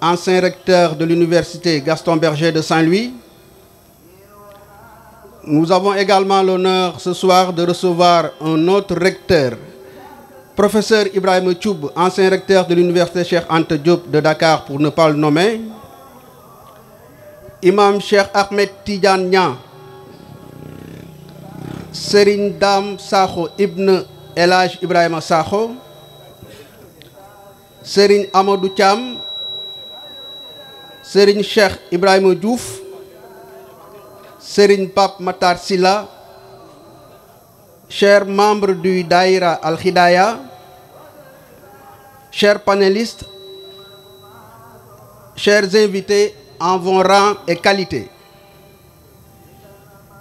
ancien recteur de l'université Gaston Berger de Nous avons également l'honneur ce soir de recevoir un autre recteur, professeur Ibrahim Tchoub, ancien recteur de l'université Cheikh Ante de Dakar pour ne pas nommer. Imam Cheikh Ahmed Tidjan Nyan, Serindam Sakho Ibn Elaj Ibrahim Sakho, Serin Amadou Cham, sëriñ Cheikh Ibrahima Diouf sëriñ Pape Matar Silla membre membres du Daïra Al Hidaya chers panélistes chers en vos rangs et qualité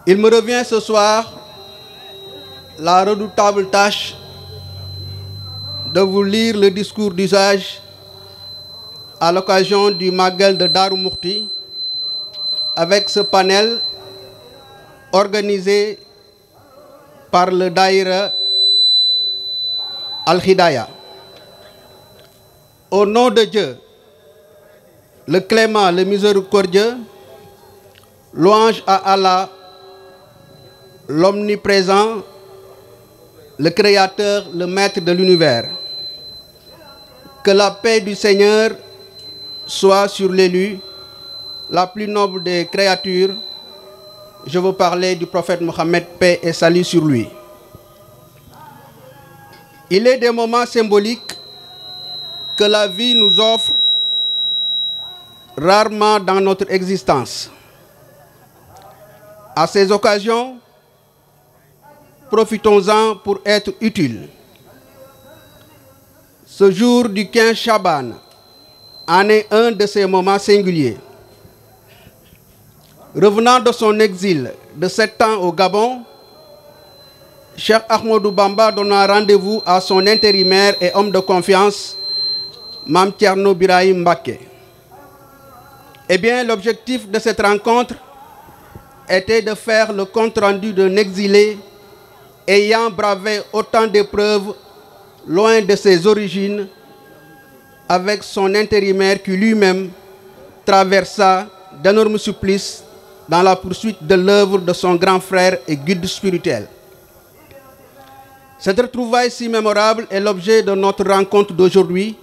il me revient ce soir la redoutable tâche de vous lire le discours d'usage à l'occasion du Magal de Darou avec ce panel organisé par le Daïra al Au nom de je le clément, le miséricordieux, louange à Allah, l'omniprésent, le créateur, le maître de l'univers. Que la paix du Seigneur soit sur l'élu, la plus noble des créatures, je veux parler du prophète Mohammed, paix et salut sur lui. Il est des moments symboliques que la vie nous offre rarement dans notre existence. À ces occasions, profitons-en pour être utiles. Ce jour du 15 Shaban, en est un de ces moments singuliers. Revenant de son exil de sept ans au Gabon, Cheikh Ahmadou Bamba donna rendez-vous à son intérimaire et homme de confiance, Mam Thierno Birahim Mbaké. Eh bien, l'objectif de cette rencontre était de faire le compte-rendu d'un exilé ayant bravé autant d'épreuves loin de ses origines avec son intérimaire qui lui-même traversa d'énormes supplices dans la poursuite de l'œuvre de son grand frère et guide spirituel. Cette retrouvaille si mémorable est l'objet de notre rencontre d'aujourd'hui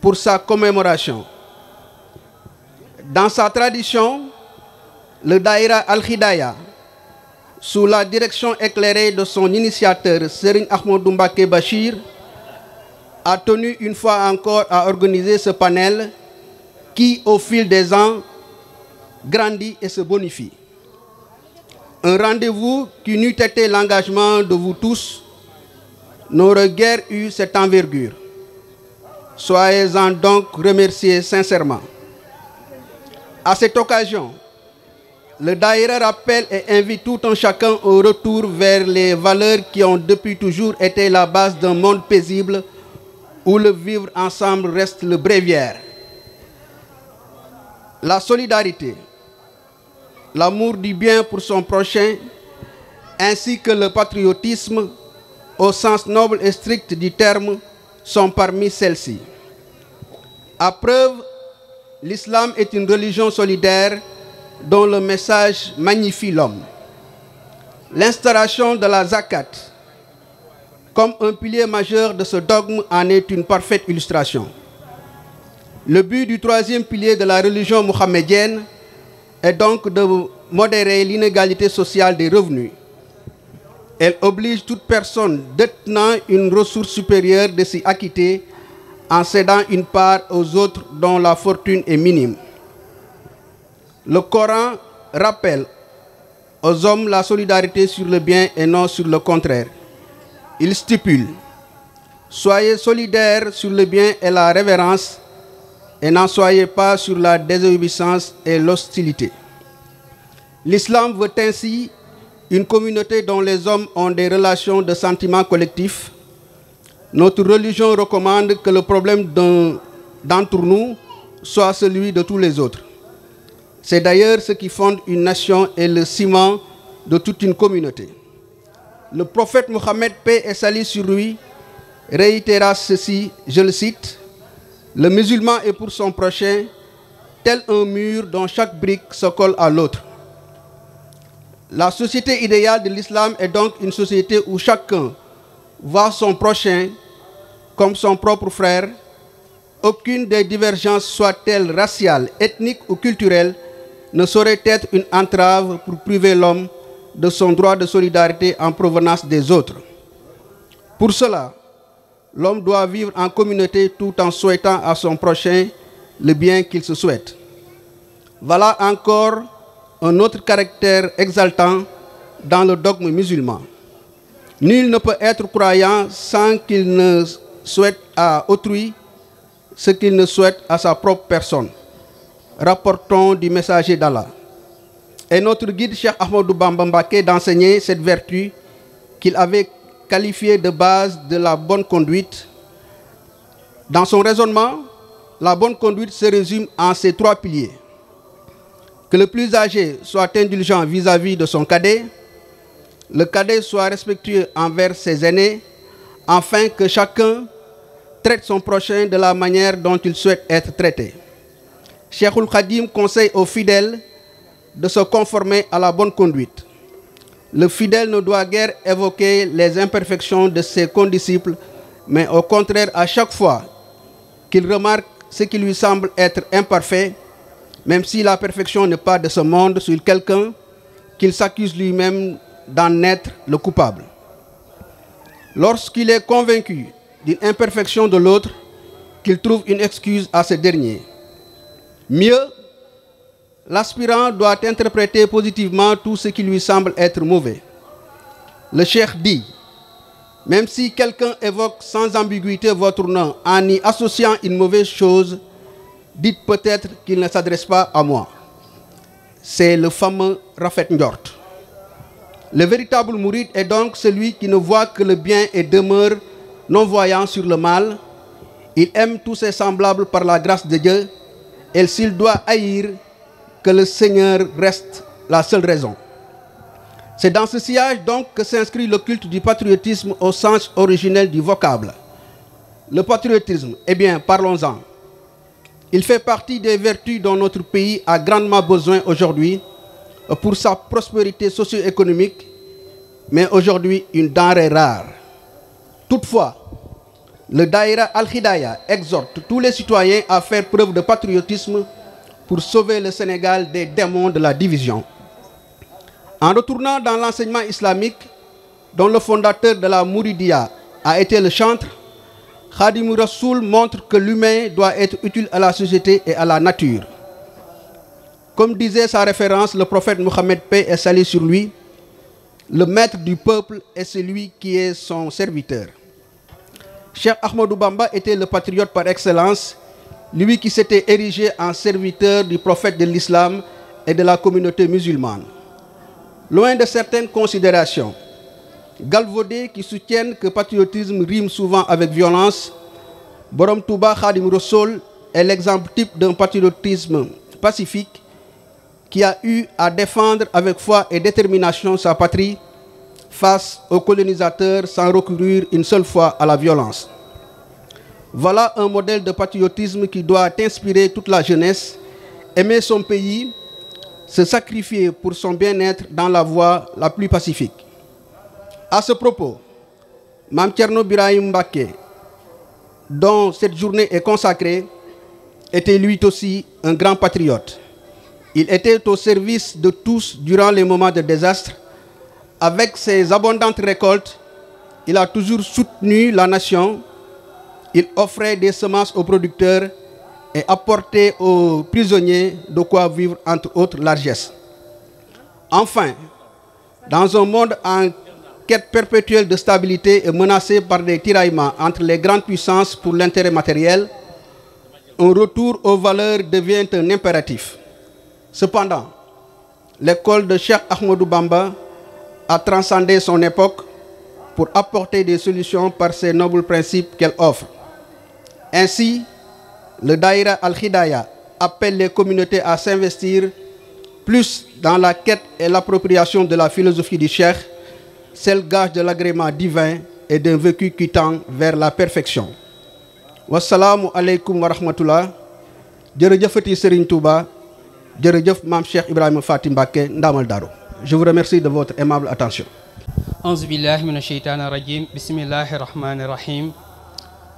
pour sa commémoration. Dans sa tradition, le Daïra al sous la direction éclairée de son initiateur Serigne Ahmadou Mbacké Bachir, a tenu une fois encore à organiser ce panel qui, au fil des ans, grandit et se bonifie. Un rendez-vous qui n'eût été l'engagement de vous tous, n'aurait guère eu cette envergure. Soyez-en donc remerciés sincèrement. À cette occasion, le Daïra rappelle et invite tout un chacun au retour vers les valeurs qui ont depuis toujours été la base d'un monde paisible où le vivre ensemble reste le bréviaire. La solidarité, l'amour du bien pour son prochain, ainsi que le patriotisme au sens noble et strict du terme sont parmi celles-ci. À preuve, l'islam est une religion solidaire dont le message magnifie l'homme. L'instauration de la zakat, comme un pilier majeur de ce dogme en est une parfaite illustration. Le but du troisième pilier de la religion mohammedienne est donc de modérer l'inégalité sociale des revenus. Elle oblige toute personne détenant une ressource supérieure de s'y acquitter en cédant une part aux autres dont la fortune est minime. Le Coran rappelle aux hommes la solidarité sur le bien et non sur le contraire. il stipule Soyez solidaires sur le bien et la révérence, et n'en soyez pas sur la désobéissance et l'hostilité. L'islam veut ainsi une communauté dont les hommes ont des relations de sentiments collectifs. Notre religion recommande que le problème d'entre nous soit celui de tous les autres. C'est d'ailleurs ce qui fonde une nation et le ciment de toute une communauté. le prophète Mohammed, paix et salut sur lui, réitéra ceci, je le cite, Le musulman est pour son prochain tel un mur dont chaque brique se à l'autre. La société idéale de l'islam est donc une société où chacun voit son prochain comme son propre frère. Aucune des divergences, soit-elle raciale, ethnique ou culturelle, ne saurait être une entrave pour priver l'homme de son de solidarité en provenance des autres. Pour cela, l'homme doit vivre en communauté tout en souhaitant à son prochain le bien qu'il se souhaite. Voilà encore un autre caractère exaltant dans le dogme musulman. Nul ne peut être croyant sans qu'il ne souhaite à autrui ce qu'il ne souhaite à sa propre personne. Rapportons du messager d'Allah. et notre guide Cheikh Ahmadou Bamba d'enseigner cette vertu qu'il avait qualifiée de base de la bonne conduite. Dans son raisonnement, la bonne conduite se résume en ces trois piliers. Que le plus âgé soit indulgent vis-à-vis de son cadet, le cadet soit respectueux envers ses aînés, afin que chacun traite son prochain de la manière dont il souhaite être traité. Cheikhul Khadim conseille aux fidèles de se conformer à la bonne conduite. Le fidèle ne doit guère évoquer les imperfections de ses condisciples, mais au contraire, à chaque fois qu'il remarque ce qui lui semble être imparfait, même si la perfection n'est pas de ce monde sur quelqu'un, qu'il s'accuse lui-même d'en être le coupable. Lorsqu'il est convaincu d'une imperfection de l'autre, qu'il trouve une excuse à ce dernier. L'aspirant doit interpréter positivement tout ce qui lui semble être mauvais. Le cheikh dit, même si quelqu'un évoque sans ambiguïté votre nom en y associant une mauvaise chose, dites peut-être qu'il ne s'adresse pas à moi. C'est le fameux Rafet Njort. Le véritable mouride est donc celui qui ne voit que le bien et demeure non-voyant sur le mal. Il aime tous ses semblables par la grâce de Dieu et s'il doit haïr, que le Seigneur reste la seule raison. C'est dans ce sillage donc que s'inscrit le culte du patriotisme au sens originel du vocable. Le patriotisme, eh bien, parlons-en. Il fait partie des vertus dont notre pays a grandement besoin aujourd'hui pour sa prospérité socio-économique, mais aujourd'hui une denrée rare. Toutefois, le Daïra Al-Hidayah exhorte tous les citoyens à faire preuve de patriotisme pour sauver le Sénégal des démons de la division. En retournant dans l'enseignement islamique, dont le fondateur de la Mouridia a été le chantre, Khadim Rassoul montre que l'humain doit être utile à la société et à la nature. Comme disait sa référence le prophète Mohammed paix est salé sur lui, le maître du peuple est celui qui est son serviteur. Cheikh Ahmadou Bamba était le patriote par excellence lui qui s'était érigé en serviteur du prophète de l'islam et de la communauté musulmane. Loin de certaines considérations galvaudées qui soutiennent que patriotisme rime souvent avec violence, Borom Touba Khadim Rossoul est l'exemple type d'un patriotisme pacifique qui a eu à défendre avec foi et détermination sa patrie face aux colonisateurs sans recourir une seule fois à la violence. Voilà un modèle de patriotisme qui doit inspirer toute la jeunesse, aimer son pays, se sacrifier pour son bien-être dans la voie la plus pacifique. À ce propos, Mam Tcherno Birahim Mbake, dont cette journée est consacrée, était lui aussi un grand patriote. Il était au service de tous durant les moments de désastre. Avec ses abondantes récoltes, il a toujours soutenu la nation Il offrait des semences aux producteurs et apportait aux prisonniers de quoi vivre entre autres largesses. Enfin, dans un monde en quête perpétuelle de stabilité et menacé par des tiraillements entre les grandes puissances pour l'intérêt matériel, un retour aux valeurs devient un impératif. Cependant, l'école de Cheikh Ahmadou Bamba a transcendé son époque pour apporter des solutions par ses nobles principes qu'elle offre. Ainsi, le Daïra al appelle les communautés à s'investir plus dans la quête et l'appropriation de la philosophie du Cheikh, celle gage de l'agrément divin et d'un vécu qui tend vers la perfection. wasalaamu aleykum wa rahmatullah jërëjëfati Serigne Touba jërëjëf maam Cheikh Ibrahima Faty Mbacké Ndamal Darou je vous remercie de votre aimable attention.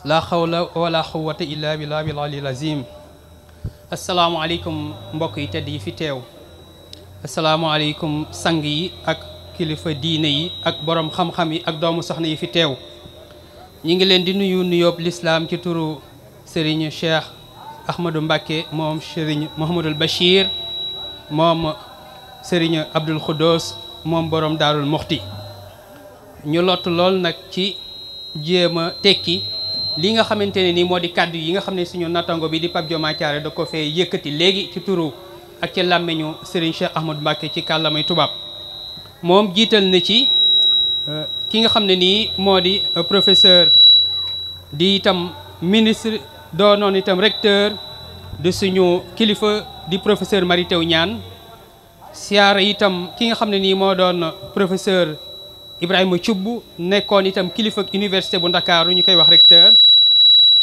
laa xawla wala quwwata illa billaa bil aliyyil aziim asalaamaaleykum mbokk yi tedd yi fi teew asalaamaaleykum sang yi ak kilifa diine yi ak borom xam-xam yi ak doomu soxna yi fi teew ñi ngi leen di nuyu nuyoob lislaam ci turu sëriñ Cheikh Ahmadou Mbacke moom sëriñ Mouhamadul Bachir moom sëriñ Abdul Khoudous moom borom daarul muxti ñu lottu lool nag ci jéem a tekki li nga xamante ne nii moo di kàddu yi nga xam ne suñu nattango bi di Pape Dioma Thiaré da ko fee yëkkati léegi ci turu ak ci làmmiñu Serigne Cheikh Ahmadou Mbacké ci kàllamay tubaab moom jiital na ci euh, ki nga xam ne nii moo di euh, professeur di itam ministre doonoon itam recteur de kilifa di professeur Mary Teuw Niane itam ki nga xam ne nii moo doon professeur Ibrahima Thioub nekkoon itam kilifa université bu Ndakaaru ñu koy wax recteur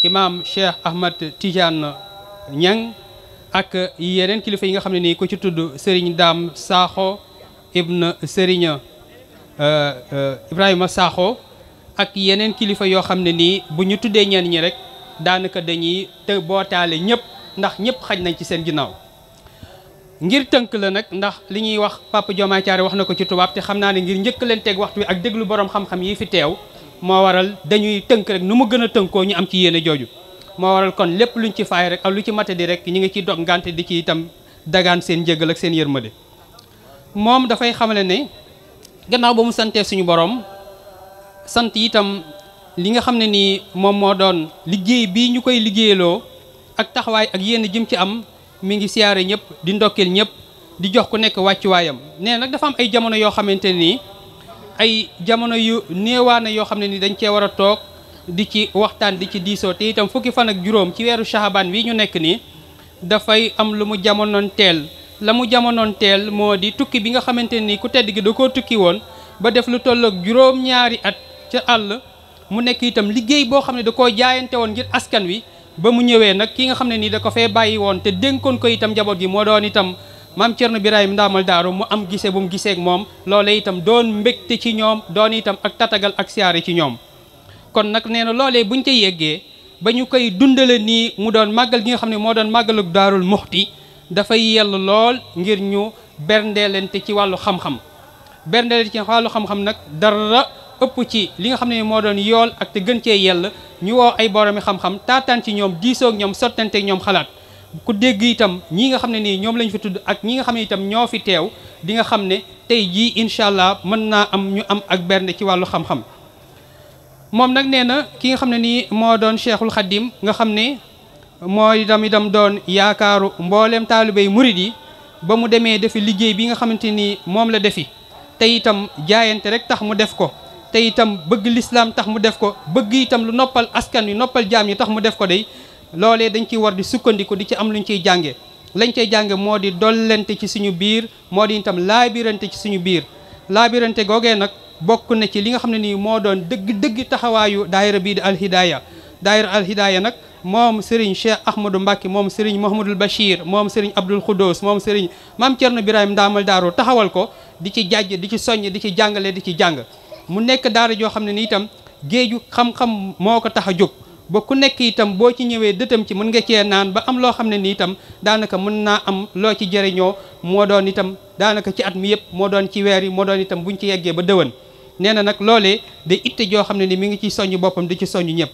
imaam Cheikh Ahmad Tidiane Niang ak yeneen kilifa yi nga xam ne nii ko ci tudd Serigne Dame Sakho ibn Serigne euh, euh, Ibrahima Sakho ak yeneen kilifa yoo xam ne nii bu ñu tuddee ñenn ñi rek daanaka dañuy te bootaale ñëpp ndax ñëpp xaj nañ ci seen ginnaaw. ngir tënk la nag ndax li ñuy wax Papa Diomaye Thiaré wax na ko ci tubaab te xam naa ne ngir njëkk leen teg waxtu wi ak déglu borom xam-xam yi fi teew. moo waral dañuy tënk rek nu mu gën a tënkoo ñu am ci yéene jooju moo waral kon lépp lu luñ ci faay rek ak lu ci mate di rek ñu ngi ciy dog ngante di ci itam dagaan seen njëgal ak seen yërmande moom dafay xamale ne gannaaw ba mu santee suñu borom sant itam li nga xam ne nii moom moo doon liggéey bii ñu koy liggéeyaloo ak taxawaay ak yéen jëm ci am mu ngi siyaare ñëpp di ndokkeel ñëpp di jox ku nekk wàccuwaayam nee nag dafa am ay jamono yoo xamante nii ay jamono yu néewaane yoo xam ne ni dañ cee war a toog di ci waxtaan di ci diisoo te itam fukki fan ak juróom ci weeru shahaban wi ñu nekk nii dafay am lu mu jamonoon teel la mu jamonoon teel moo di tukki bi nga xamante ni ku tedd gi da koo tukki woon ba def lu tolloog juróom-ñaari at ca àll mu nekk itam liggéey boo xam ne da koo jaayante woon ngir askan wi ba mu ñëwee nag ki nga xam ne nii da ko fee bàyyi woon te dénkoon ko itam njaboot gi moo doon itam maam na Birahim ndaamal daaru mu am gise bu mu giseek moom loolee itam doon mbégte ci ñoom doon itam ak tatagal ak siyaare ci ñoom kon nag nee na bu ñu ca yeggee ba ñu koy dundale nii mu doon màggal gi nga xam ne moo doon màggalug daarul muxti dafay yell lool ngir ñu berndeelente ci wàllu xam-xam berndeelente ci wàllu xam-xam nag dara ëpp ci li nga xam ne moo doon yool ak te gën cee yell ñu woo ay boroomi xam-xam taataan ci ñoom diisoog ñoom sottanteeg ñoom xalaat ku dégg itam ñii nga xam ne nii ñoom lañ fi tudd ak ñi nga xam ne itam ñoo fi teew di nga xam ne tey jii incha allah mën naa am ñu am ak bernde ci wàllu xam-xam moom nag nee na ki nga xam ne nii moo doon cheikhul xadim nga xam ne mooy itam doon yaakaaru mbooleem taalibey murid yi ba mu demee defi liggéey bi nga xamante ni moom la defi tey itam jaayante rek tax mu def ko te itam bëgg lislaam tax mu def ko bëgg itam lu noppal askan wi noppal jaam yi tax mu def ko day loolee dañ ciy war di sukkandiku di ci am lu luñ ciy jànge lañ cay jànge moo di dollente ci suñu biir moo di itam laabirante ci suñu biir laabirante googee nag bokk na ci li nga xam ne nii moo doon dëgg-dëgg taxawaayu daayira bii di alhidaaya daayira alhidaaya nag moom Serigne Cheikh Ahmadou Mbacke moom Serigne Mouhamadul Bachir moom Serigne Abdoul Khoudous moom Serigne maam na Birahim Ndaamal Daaru taxawal ko di ci jàjj di ci soññ di ci jàngale di ci jàng mu nekk daara joo xam ne ni itam géeju xam moo ko tax a jóg ba ku nekk itam boo ci ñëwee dëtam ci mën nga cee naan ba am loo xam ne nii itam daanaka mën naa am loo ci jëriñoo moo doon itam daanaka ci at mi yëpp moo doon ci weer yi moo doon itam buñ ci yeggee ba dëwën nee na nag loolee day itte joo xam ne ni mi ngi ciy soññ boppam di ci soññ ñëpp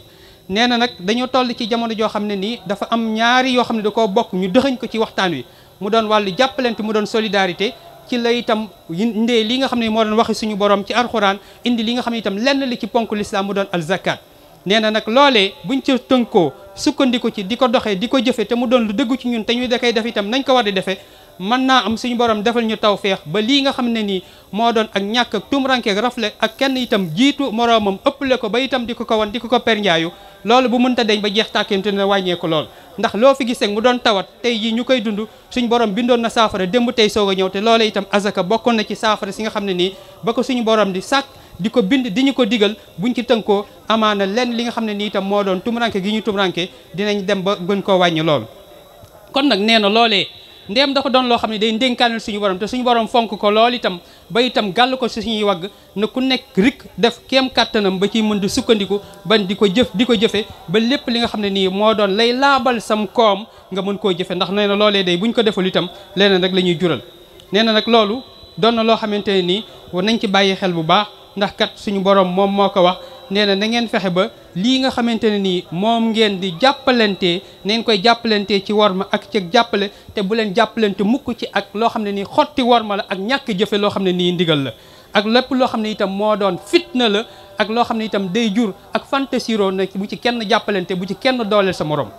nee na nag dañoo toll ci jamono joo xam ne nii dafa am ñaari yoo xam ne da koo bokk ñu dëxëñ ko ci waxtaan wi mu doon wàllu jàppalante mu doon solidarité ci la itam indee li nga xam ne moo doon waxi suñu borom ci alxuraan indi li nga xam itam lenn li ci ponk lislaam mu doon al zakat nee na nag loolee buñ ca tënkoo sukkandiku ci di ko doxee di ko jëfe te mu doon lu dëggu ci ñun te ñu da def itam nañ ko war di defee mën naa am suñu borom defal ñu taw feex ba lii nga xam ne nii moo doon ak ñàkk ak tumranke ak rafle ak kenn itam jiitu moroomam ëpple ko ba itam di ko ko wan di ko ko perñaayu loole bu mënta deñ ba jeex tàkkente ne wàññeeku lool ndax loo fi gis mu doon tawat tey jii ñu koy dund suñu borom bindoon na saafara démb tey soog a ñëw te loolee itam azaka bokkoon na ci saafara si nga xam ne nii ba ko suñu borom di sàkk di ko bind di ñu ko digal buñ ci tënkoo amaana lenn li nga xam ne nii itam moo doon tumuranke gi ñu tumuranke dinañ dem ba gën koo wàññi loolu kon nag nee na loolee ndéem dafa doon loo xam ne day ndénkaanal suñu borom te suñu borom fonk ko lool itam ba itam gàll ko si suñuy wagg na ku nekk rik def kéem kàttanam ba ciy mën di sukkandiku ban di ko jëf di ko jëfe ba lépp li nga xam ne nii moo doon lay laabal sam koom nga mën koo jëfe ndax nee na loolee day bu ñu ko deful itam leneen rek la ñuy jural nee na nag loolu doon loo xamante ne nii war nañ ci bàyyi xel bu baax ndax kat suñu borom moom moo ko wax nee na na ngeen fexe ba lii nga xamante ne nii moom ngeen di jàppalante neen koy jàppalante ci ma ak ci jàppale te bu leen jàppalante mukk ci ak loo xam ne nii xotti ma la ak ñàkk jëfe loo xam ne nii ndigal la ak lépp loo xam ne itam moo doon na la ak loo xam ne itam day jur ak fantasiro na bu ci kenn jàppalante bu ci kenn dooleel sa morom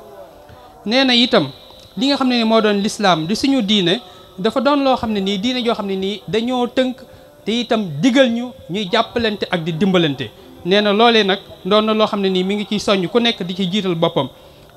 nee na itam li nga xam ne ni moo doon lislaam di suñu diine dafa doon loo xam ne nii diine joo xam ne nii dañoo tënk te itam digal ñu ñuy jàppalante ak di dimbalante nee na loolee nag doon na loo xam ne nii mi ngi ciy soññ ku nekk di ci jiital boppam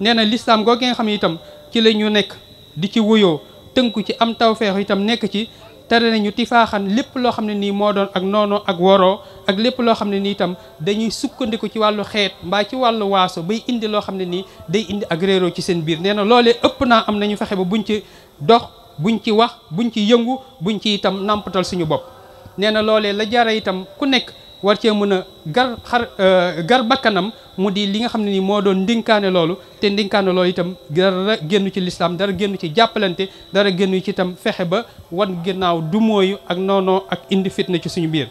nee na lislaam googu nga xam ne itam ci la ñu nekk di ci wuyoo tënku ci am tawfeex itam nekk ci tere nañu tifaaxan lépp loo xam ne nii moo doon ak noonoo ak woroo ak lépp loo xam ne nii itam dañuy sukkandiku ci wàllu xeet mbaa ci wàllu waaso bay indi loo xam ne nii day indi ak réeroo ci seen biir nee na loolee ëpp naa am nañu fexe ba buñ ci dox buñ ci wax buñ ci yëngu buñ ci itam nàmpatal suñu bopp nee na loolee la jara itam ku nekk war cee mën a gar xar euh, gar bakkanam mu di li nga xam ne ni moo doon ndinkaane loolu te ndinkaane loolu itam dara génn ci lislaam dara génn ci jàppalante dara génn ci itam fexe ba wan ginnaaw du mooyu ak noonoo ak indi fitna ci suñu biir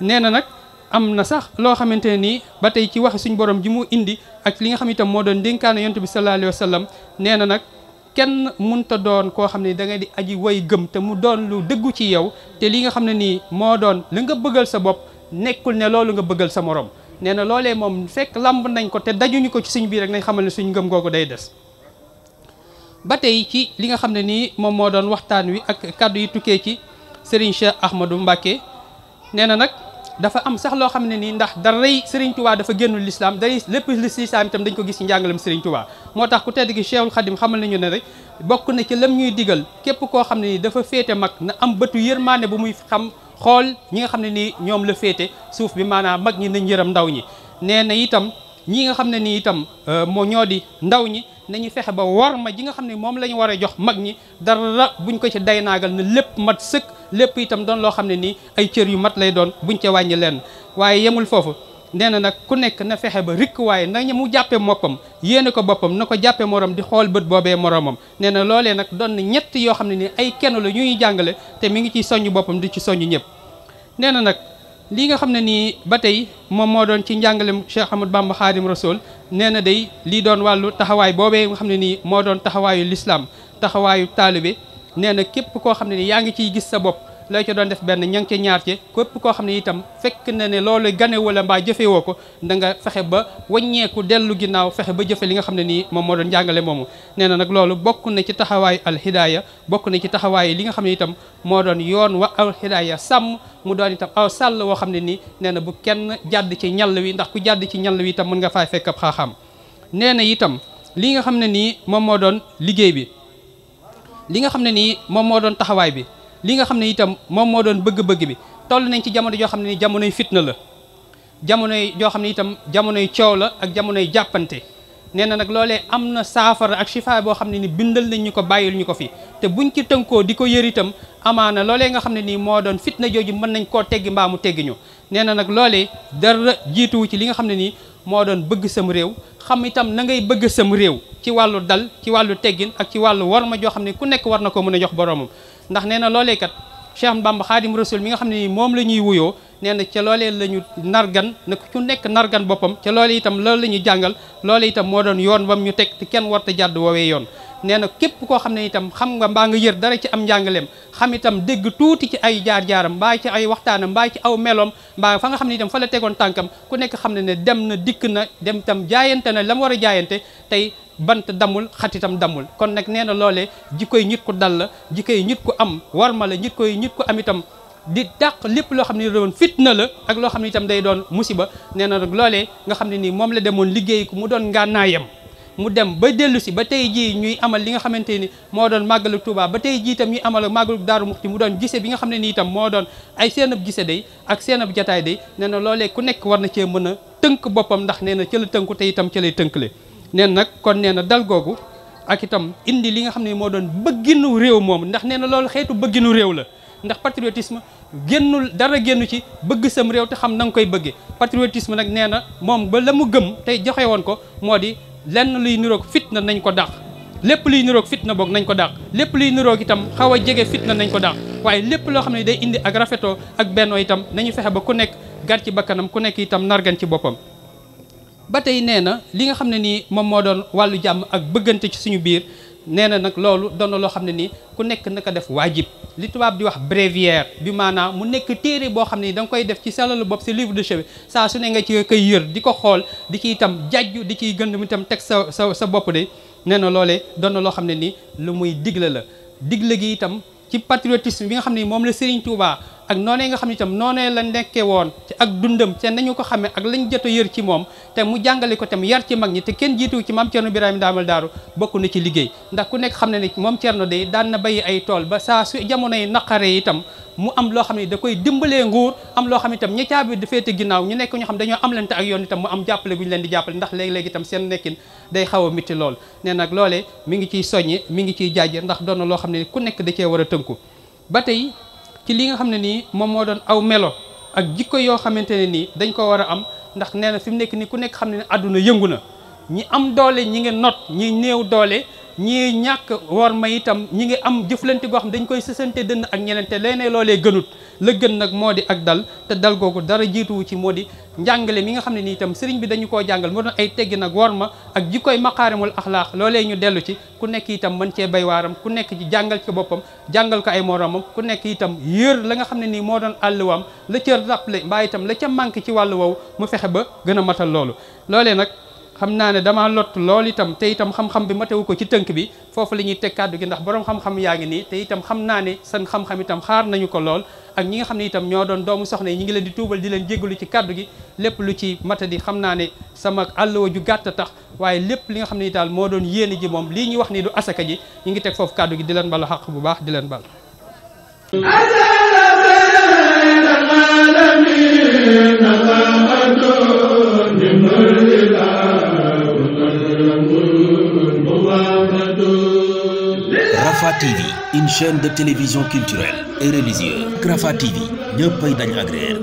nee na nag am na sax loo xamante ne nii ba tey ci waxi suñu borom ji mu indi ak li nga xam itam moo doon ndinkaane yonent bi sallallahu alayhi wa nee na nag kenn munta doon koo xam ne da ngay di aji way gëm te mu doon lu dëggu ci yow te li nga xam ne nii moo doon la nga bëggal sa bopp nekkul ne loolu nga bëggal sa morom nee na loolee moom fekk làmb nañ ko te dajuñu ko ci suñ biir ak nañ xamal ne suñ gëm googu day des ba tey ci li nga xam ne nii moom moo doon waxtaan wi ak kàddu yi tukkee ci Serigne Cheikh Ahmadou Mbacké nee nag dafa am sax loo xam ne nii ndax daray Serigne dafa génnu lislaam daray lépp lislaam itam dañ ko gis ci njàngalam Serigne Touba moo tax ku tedd gi Cheikhul Khadim xamal nañu ne rek bokk na ci lam ñuy digal képp koo xam ne nii dafa féete mag na am bëtu yërmaane bu muy xam xool ñi nga xam ne nii ñoom la féete suuf bi maanaam mag ñi nañ yëram ndaw ñi nee na itam ñii nga xam ne nii itam euh, moo ñoo di ndaw ñi nañu fexe ba war ma ji nga xam ne moom la ñu war a jox mag ñi dara buñ ko ci day naagal na lépp mat sëkk lépp itam doon loo xam ne nii ay cër yu mat lay doon buñ ca wàññi lenn waaye yemul foofu nee na nag ku nekk na fexe ba rikk waaye nañu mu jàppee moppam yéene ko boppam na ko jàppee morom di xool bët boobee moromam nee na loolee nag doon na ñett yoo xam ne nii ay kenn la ñuy jàngale te mi ngi ciy soññ boppam di ci soññ ñëpp nee na nag lii nga xam ne nii ba tey moom moo doon ci njàngalem Cheikh Ahmad Bamba Xaadim Rasoul nee na day lii doon wàllu taxawaay boobee nga xam ne nii moo doon taxawaayu lislaam taxawaayu taalibe nee na képp koo xam ne nii yaa ngi ciy gis sa bopp lay ca doon def benn ña ngi ca ñaar ci képp koo xam ne itam fekk na ne loolu gane wala mbaa jëfe ko da nga fexe ba waññeeku dellu ginnaaw fexe ba jëfe li nga xam ne moom moo doon jàngale moomu nee na nag loolu bokk na ci taxawaayu alhidaaya bokk na ci taxawaayu li nga xam ne itam moo doon yoon wa alhidaaya sàmm mu doon itam sàll woo xam ne nii nee na bu kenn jàdd ci ñall wi ndax ku jàdd ci ñall wi mën nga faa fekk ab nee na itam li nga xam ne nii moom moo doon liggéey bi li nga xam ne nii moom moo doon taxawaay bi li nga xam ne itam moom moo doon bëgg-bëgg bi toll nañ ci jamono joo xam ne ni jamonoy fitna la jamonoy joo xam ne itam jamonoy coow la ak jamonoy jàppante nee na nag loole am na saafara ak shifa boo xam ne ni bindal nañ ñu ko bàyyil ñu ko fi te buñ ci tënkoo di ko yër itam amaana loolee nga xam ne nii moo doon fitna jooju mën nañ koo teggi mbaamu teggi ñu nee na nag loolee dara jiituwu ci li nga xam ne nii moo doon bëgg sam réew xam itam nangay bëgg sam réew ci wàllu dal ci wàllu teggin ak ci wàllu war ma joo xam ne ku nekk war na ko mën a jox boroomam ndax nee na loolee kat Cheikh Bamba Xaadim Rasul mi nga xam ne nii moom la ñuy wuyoo nee na ca la ñu nargan na ku ci nekk nargan boppam ca loole itam loolu la ñuy jàngal loole itam moo doon yoon bam ñu teg te kenn warta jàdd woowee yoon nee képp koo xam ne itam xam nga mbaa nga yër dara ci am njàngaleem xam itam dégg tuuti ci ay jaar-jaaram mbaa ci ay waxtaanam mbaa ci aw meloom mbaa fa nga xam ne itam fa la tegoon tànkam ku nekk xam ne ne dem na dikk na dem itam jaayante na la mu war a jaayante tey bant damul xatitam damul kon nag nee na jikko yi nit ku dal la yi nit ku am war ma la nit koy nit ku am itam di dàq lépp loo xam ne doon fitna la ak loo xam ne itam day doon musiba nee na nag loolee nga xam ne nii moom la demoon liggéey mu doon ngànnaayam mu dem ba dellu si ba tey jii ñuy amal li nga xamante ni moo doon màggalu Touba ba tey jii itam ñuy amal màggul Daaru Muxti mu doon gise bi nga xam ne nii itam moo doon ay seen ab gise day ak seen ab jataay day nee na loolee ku nekk war na cee mën a tënk boppam ndax nee na ca tënku te itam ca lay tënkle neen nag kon nee na dal googu ak itam indi li nga xam ne moo doon bëgginu réew moom ndax nee na loolu xeetu bëgginu réew la ndax patriotisme génnul dara génnu ci bëgg sam réew te xam na nga koy bëggee patriotisme nag nee na moom ba la mu gëm tey joxe woon ko moo di lenn luy niroog na nañ ko dàq lépp luy niroog na boog nañ ko dàq lépp luy niroog itam xaw a jege fitna nañ ko dàq waaye lépp loo xam ne day indi ak rafetoo ak bennoo itam nañu fexe ba ku nekk gar ci bakkanam ku nekk itam nargan ci boppam ba tey nee na li nga xam ne nii moom moo doon wàllu jàmm ak bëggante ci suñu biir nee na nag loolu doon na loo xam ne nii ku nekk naka def waajib li tubaab di wax bréviaire bi maanaam mu nekk téere boo xam ne nii da nga koy def ci sa lalu bopp sa livre de chevet saa su ne nga ci koy yër di ko xool di ci itam jajju di ciy gën mu itam teg sa sa sa bopp de nee na loolee doon na loo xam ne nii lu muy digle la digle gi itam ci patriotisme bi nga xam ne moom la Serigne Touba. ak noonee nga xam ni itam noonee la nekkee woon ci ak dundam te nañu ko xamee ak lañ jot a yër ci moom te mu jàngale ko tam yar ci mag ñi te kenn jiituwu ci maam Thierno Birahim Daamal Daaru bokk na ci liggéey ndax ku nekk xam ne ne moom Thierno day daan na béyi ay tool ba saa su jamonoy itam mu am loo xam ne da koy dimbalee nguur am loo xam ne itam ña caabi da féete ginnaaw ñu nekk ñoo xam dañoo am ak yoon itam jàppale gu leen di jàppale ndax léegi-léegi itam seen nekkin a métti lool nee nag loolee mi ngi ciy soññe mi ngi ciy jaajër ndax doon na loo xam ne ku nekk da cee war a tënku ba tey ci li nga xam ne nii moom moo doon aw melo ak jikko yoo xamante ne nii dañ ko war a am ndax nee na fi mu nekk nii ku nekk xam ne ne àdduna yëngu na ñi am doole ñi ngi not ñi néew doole ñii ñàkk war ma itam ñi ngi am jëflante goo xam dañ koy sësante dënn ak ñeneen te leneen loolee gënut la gën nag moo di ak dal te dal googu dara jiituwu ci moo di njàngale mi nga xam ne nii itam sëriñ bi dañu koo jàngal moo doon ay teggi nag war ma ak jikkoy maqaarimul axlaax loolee ñu dellu ci ku nekk itam mën cee bay waaram ku nekk ci jàngal ci boppam jàngal ko ay moromam ku nekk itam yër la nga xam ne nii moo doon àlluwaam la ca rappelé mbaa itam la ca manque ci wàllu woowu mu fexe ba gën a matal loolu nag xam naa ne damaa lott lool itam te itam xam-xam bi ma ko ci tënk bi foofu la ñuy teg kàddu gi ndax borom xam-xam yaa ngi nii te itam xam naa ne seen xam-xam itam xaar nañu ko lool ak ñi nga xam ne itam ñoo doon doomu soxna yi ñu ngi leen di tuubal di leen jéggalu ci kàddu gi lépp lu ci di xam naa ne sama àlluwa ju gàtt tax waaye lépp li nga xam ne daal moo doon yéene ji moom lii ñuy wax ni du asaka ji ñu ngi teg foofu kàddu gi di leen balu xaq bu baax di leen bal Rafah TV une chaîne de télévision culturelle et religieuse Rafah TV ñëpp ay dañ agréer